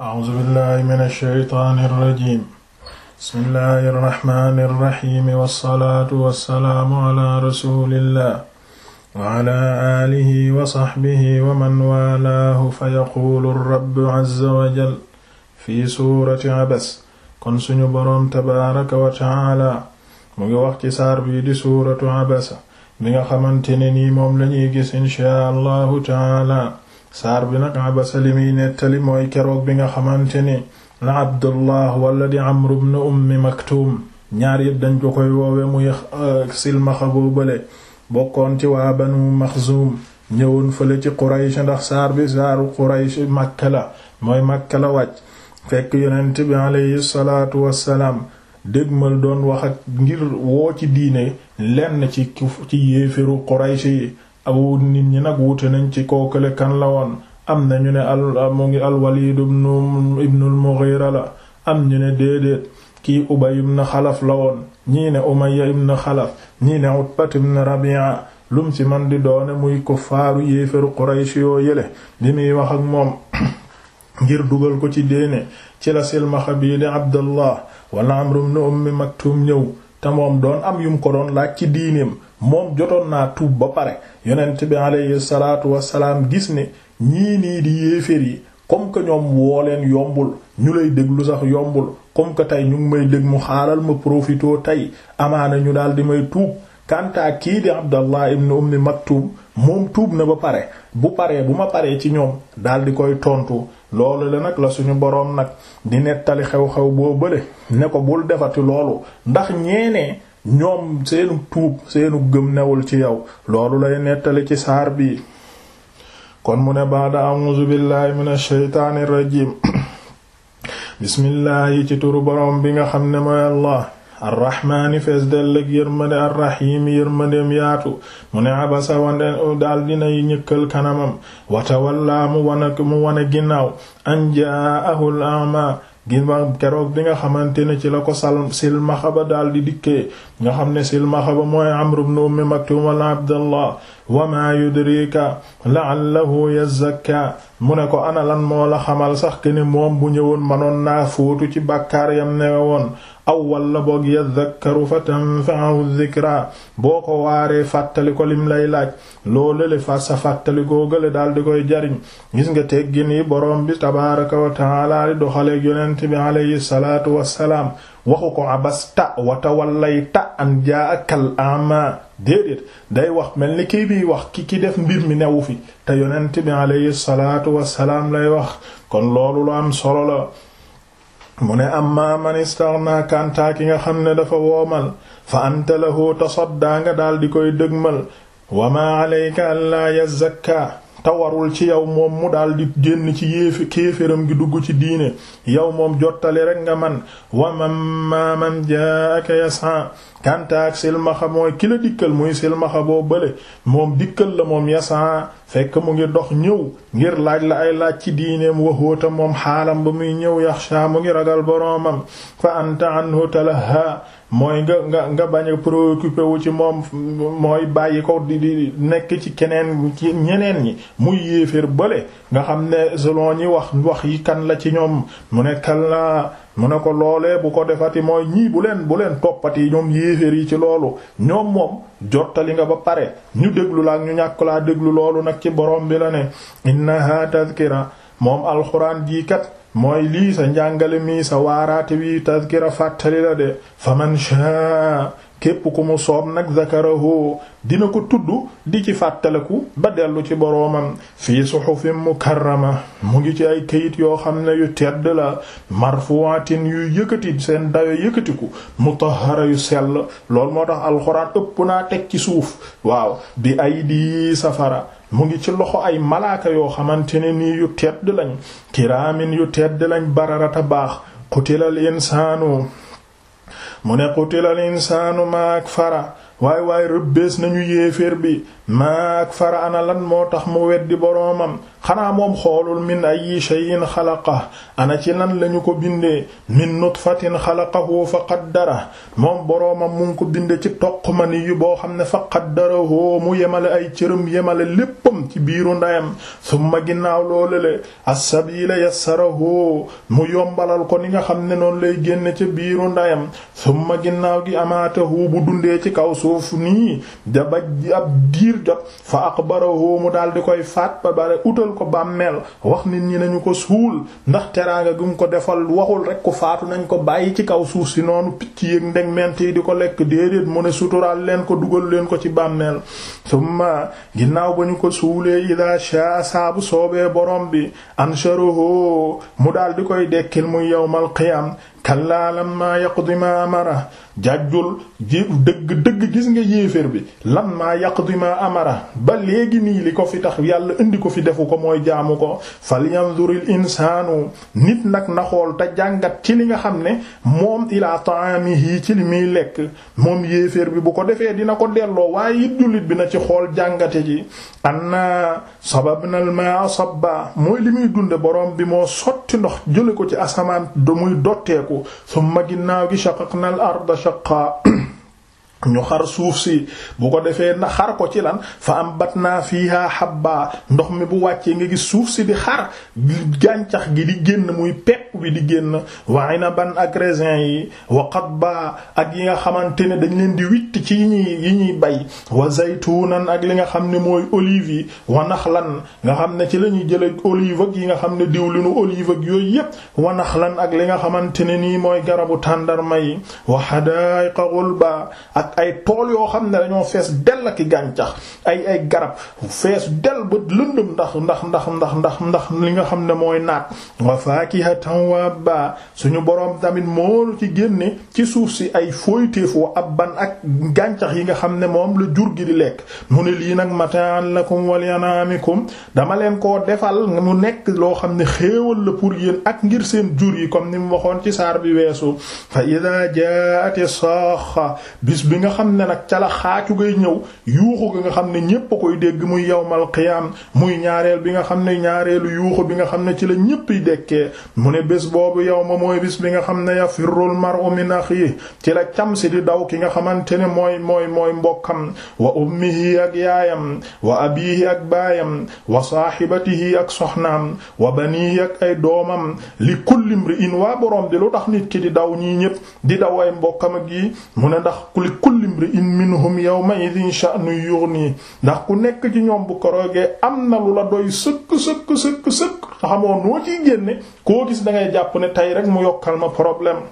أعوذ بالله من الشيطان الرجيم بسم الله الرحمن الرحيم والصلاة والسلام على رسول الله وعلى آله وصحبه ومن والاه فيقول الرب عز وجل في سورة عبس kon suñu boroom tabaaraka wa taala mu ngi wax ci saar bii di suuratu abasa bi nga xamante ne nii moom lañuy gis inchaa allahu taala saar bi nag abasa li muy nettali mooy keroog bi nga xamante ni la abdullah wala di amru ibn ummi maktum ñaar yëpp dañ ko koy woowe muy euh, silmaxa boobale bokkoon ci waa banu maxzum ñëwoon fële ci quraysh ndax saar bi saaru quraysh makka la mooy makka la wàcc fekk yonent bi aleyhi salaatu wassalaam dégmal doon wax ak ngir woo ci diine lenn ci ci yéefiru quraysh yi aw nit ñi nag wute nañ ci kookale kan la woon am na ñu ne al mu ngi al-Walid ibn ibn al-Mughira la am ñu ne déedéet kii Ubay ibn Xalaf la woon ñii ne Umayya ibn Xalaf ñii ne Utbat ibn Rabi'a lum ci man di doone muy kuffaaru yéeféru Quraysh yoo yële bi muy wax ak moom ngir dugal ko ci déene ci la silmaxa bii di Abdallah wala Amru ibn Ummi Maktum ñëw te moom doon am yum ko doon laaj ci diineem moom jotoon naa tuub ba pare yonent bi alayhi salaatu wassalaam gis ni ñii nii di yéeféer yi comme que ñoom woo leen yombul ñu lay déglu sax yombul comme que tey ñu ngi may dég mu xaaral ma profitoo tey amaana ñu daal di may tuub kanta kii di Abdallah ibn Ummi Maktum moom tuub na ba pare bu paree bu ma paree ci ñoom daal di koy tontu loolu la nag la suñu boroom nag di nettali xew-xew boo bële ne ko bul defati loolu ndax ñeenee ñoom seenu tuub seenu gëm newul ci yow loolu lay nettali ci saar bi kon mu ne baada a'uuzu billaahi minash shaytaanir rajiim bismillaahi ci turu boroom bi nga xam ne mooy allah arrahmaani fees dellëg yërmande arrahiimi yërmandeem yaatu mu ne abasa wane daal dinay ñëkkal kanamam watawallaa mu wane mu ginnaaw an jaa'ahu al-a'maa gimaam keroog bi nga xamante ne ci la ko sal silmaxa ba daal di dikkee nga xam ne silmaxa ba mooy Amr ibn Umm Maktum wala Abdallah wa maa yudrika la'allahu yazakka mu ne ko analan lan moo la xamal sax ke ne moom bu ñëwoon manoon naa fóotu ci bàkkaar yam newe woon aw walla boog yadhakkaru fa tanfa'ahu dhikra boo ko waaree fàttali ko lim lay laaj loolu le fa sa fàttali googale daal di koy jariñ gis nga teggin yi boroom bi tabaaraka wa ta'aala di doxaleeg yonent bi alayhi salaatu wassalaam waxu ko abasta wa tawallayta an jaakal ama déedéet day wax mel ni kii biy wax ki def mbir mi newu fi te yonent bi alayhi wassalaam lay wax kon loolu lu am solo mu ne amma man istaghna kantaa ki nga xam ne dafa woomal fa anta lahu tasaddaa nga daal di koy dëgmal wa ma alayka an la te warul ci yow moom mu daal di génn ci yéefi kéeféram gi dugg ci diine yow moom jottale rek nga man wa man ma man jaaka yasa kantaak silmaxa mooy ki la dikkal muy silmaxa boo bële moom dikkal la moom yasa fekk mu ngi dox ñëw ngir laaj la ay laaj ci wa waxóota moom xaalam ba muy ñëw yaxsha mu ngi ragal boroomam fa anta anhu talaha mooy nga nga nga bañ a préoccupé wu ci moom mooy bàyyi ko di di nekk ci keneen ci ñeneen ñi muy yéeféer bële nga xam ne selon ñi wax wax yi kan la ci ñoom mu ne kalla mu ne ko loolee bu ko defati mooy ñii bu leen bu leen toppati ñoom yéeféer yi ci loolu ñoom moom jottali nga ba pare ñu déglu la ñu ñàkk laa déglu loolu nag ci borom bi la ne innaha tazkira moom alxuraan jii kat mooy lii sa njàngale mii sa waaraate wi tazkira fàttali la de faman shaa képp ku mu soob nag zakarahu dina ko tudd di ci fàttaliku ba dellu ci boroomam fii suhufin mukarrama mu ngi ci ay kayit yoo xam ne yu tedd la marfuwatin yu yëkkati seen dayo yëkkatiku mutahhara yu sell lool moo tax alxuraan ëpp naa teg ci suuf waaw bi ay di safara mu ngi ci loxo ay malaaka yoo xamante ne nii yu tedd lañ kiraamin yu tedd lañ bararata baax qutilal insaanu mu ne qutilal insaanu maak fara waaye waay rëbbees nañu yéeféer bi maak fara ana lan moo tax mu weddi boroomam xanaa moom xoolul min ayyi shay'in xalaqa ana ci lan lañu ko bindee min nutfatin xalaqahu fa qaddara moom boroomam mu ko binde ci toq ma ni boo xam ne fa qaddarahu mu yemale ay cëram yemale léppam ci biiru ndayam summa ginnaaw loolale as-sabila yassarahu mu yombalal ko ni nga xam ne noonu lay génne ci biiru ndayam summa ginnaaw gi amaatahu bu dundee ci kaw suuf nii daba ab diir tiir jot fa aqbarahu mu dal di koy faat ba bare utal ko bàmmeel wax nit ñi nañu ko suul ndax teraanga gum ko defal waxul rek ko faatu nañ ko bàyyi ci kaw suuf si noonu picc yéeg ndeg ment yi di ko lekk déedéet mu ne sutural leen ko dugal leen ko ci bàmmeel summa ginnaaw ba ñu ko suulee ila sha saabu soobee borom bi ansharuhu mu dal di koy dekkil muy yawmal qiyam kallaa ma amara jàjjul ji dëgg dëgg gis nga yéeféer bi lan maa yaqdi ma amara ba léegi nii li ko fi tax yàlla indi ko fi defu ko mooy jaamu ko falyanzuril insaanu nit nag na xool te jàngat ci li nga xam ne moom ilaa ta'amihi ci li muy lekk moom yéeféer bi bu ko defee dina ko delloo waaye it jullit bi na ci xool jàngate ji anna sababnal maa sabba mooy li muy dunde borom bi moo sotti ndox jële ko ci asamaan du muy dotteeku summa ginnaaw gi shaqaqnal arda shaqqa ñu xar suuf si bu ko defee na xar ko ci lan fa am bat naa fiiha baa ndox mi bu wàccee nga gis suuf si di xar gàncax gi di génn muy pepp bi di génn waaye na ban ak raisin yi wa qadba ak yi nga xamante ne dañ leen di witt ci yi ñuy yi ñuy bay wa zaytunan ak li nga xam ne mooy olive yi wa naxlan nga xam ne ci la ñuy jële olive yi nga xam ne diwlinu olive ak yooyu yépp wa naxlan ak li nga xamante ne nii mooy garabu tàndarma yi wa hadaiqa ghulba ak ay tool yoo xam ne dañoo fees dell ak gàncax ay ay garab fees del ba lëndëm ndax ndax ndax ndax ndax ndax li nga xam ne mooy naat wa faakihatan wa abba suñu boroom tamit moolu ci génne ci suuf si ay fooytéef wa abban ak gàncax yi nga xam ne moom la jur gi di lekk mu ne lii nag mataan lakum wa li dama leen koo defal mu nekk loo xam ne xéewal la pour yéen ak ngir seen jur yi comme ni mu waxoon ci saar bi weesu fa idaa jaati bis bi nga xam ne nag ca la xaacu gay ñëw yuuxu gi nga xam ne ñépp a koy dégg muy yawmal qiyaam muy ñaareel bi nga xam ne ñaareelu yuuxu bi nga xam ne ci la ñépp yi dekkee mu ne bés boobu ma mooy bés bi nga xam ne yafirrul mar'u min akhihi ci la cam si di daw ki nga xamante ne mooy mooy mooy mbokkam wa ummihi ak yaayam wa abihi ak baayam wa saahibatihi ak soxnaam wa banihi ak ay doomam li kulli imri'in waa boroom di lu tax nit ki di daw ñii ñépp di daw ay mbokkam ak yi mu ne ndax kulli kulli imri'in minhum yawma idhin sha'nun yughni ndax ku nekk ci ñoom bu koroogee am na lu la doy sëkk sëkk sëkk sëkk xamoo noo ciy génne koo gis da ngay jàpp ne tey rek mu yokkal ma problème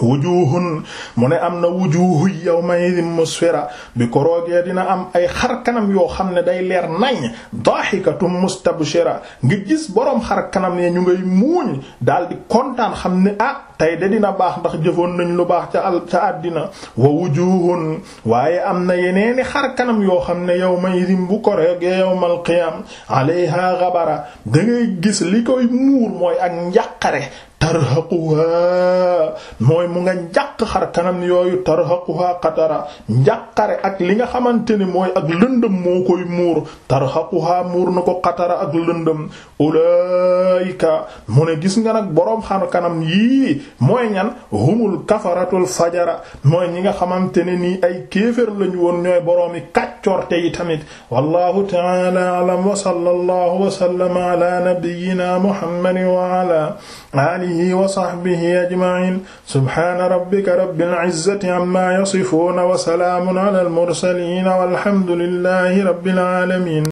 wujuhun mu ne am na wujuhu ma idhin musfira bi koroogee dina am ay xar kanam yoo xam ne day leer nañ dahikatum mustabshira nga gis boroom xar kanam ne ñu ngay muuñ daal di kontaan xam ne ah tey de dina baax ndax jëfoon nañ lu baax ca al ca àddina wa wujuhun waaye am na yeneeni xar kanam yoo xam ne yow may dim bu koreg yawmal qiyam alayha ghabara da ngay gis li koy muur mooy ak njàqare tarhaquha mooy mu nga njàq xar kanam yooyu tarhaquha qatara njàqare ak li nga xamante ne mooy ak lëndëm moo koy muur tarhaquha muur na ko qatara ak lëndëm ulaika mu ne gis nga nag boroom xar kanam yii mooy ñan humul kafaratul fajara mooy ñi nga xamante ne nii ay kéefër lañu woon ñooy boroomi kàccoorte yi tamit wallahu ta'ala a'lam wa sallallahu wa sallama ala nabiyyina muhammadin wa ala alihi wa sahbihi ajma'in subhana rabbika rabbil izzati amma yasifun wa salamun ala al mursalin walhamdulillahi rabbil alamin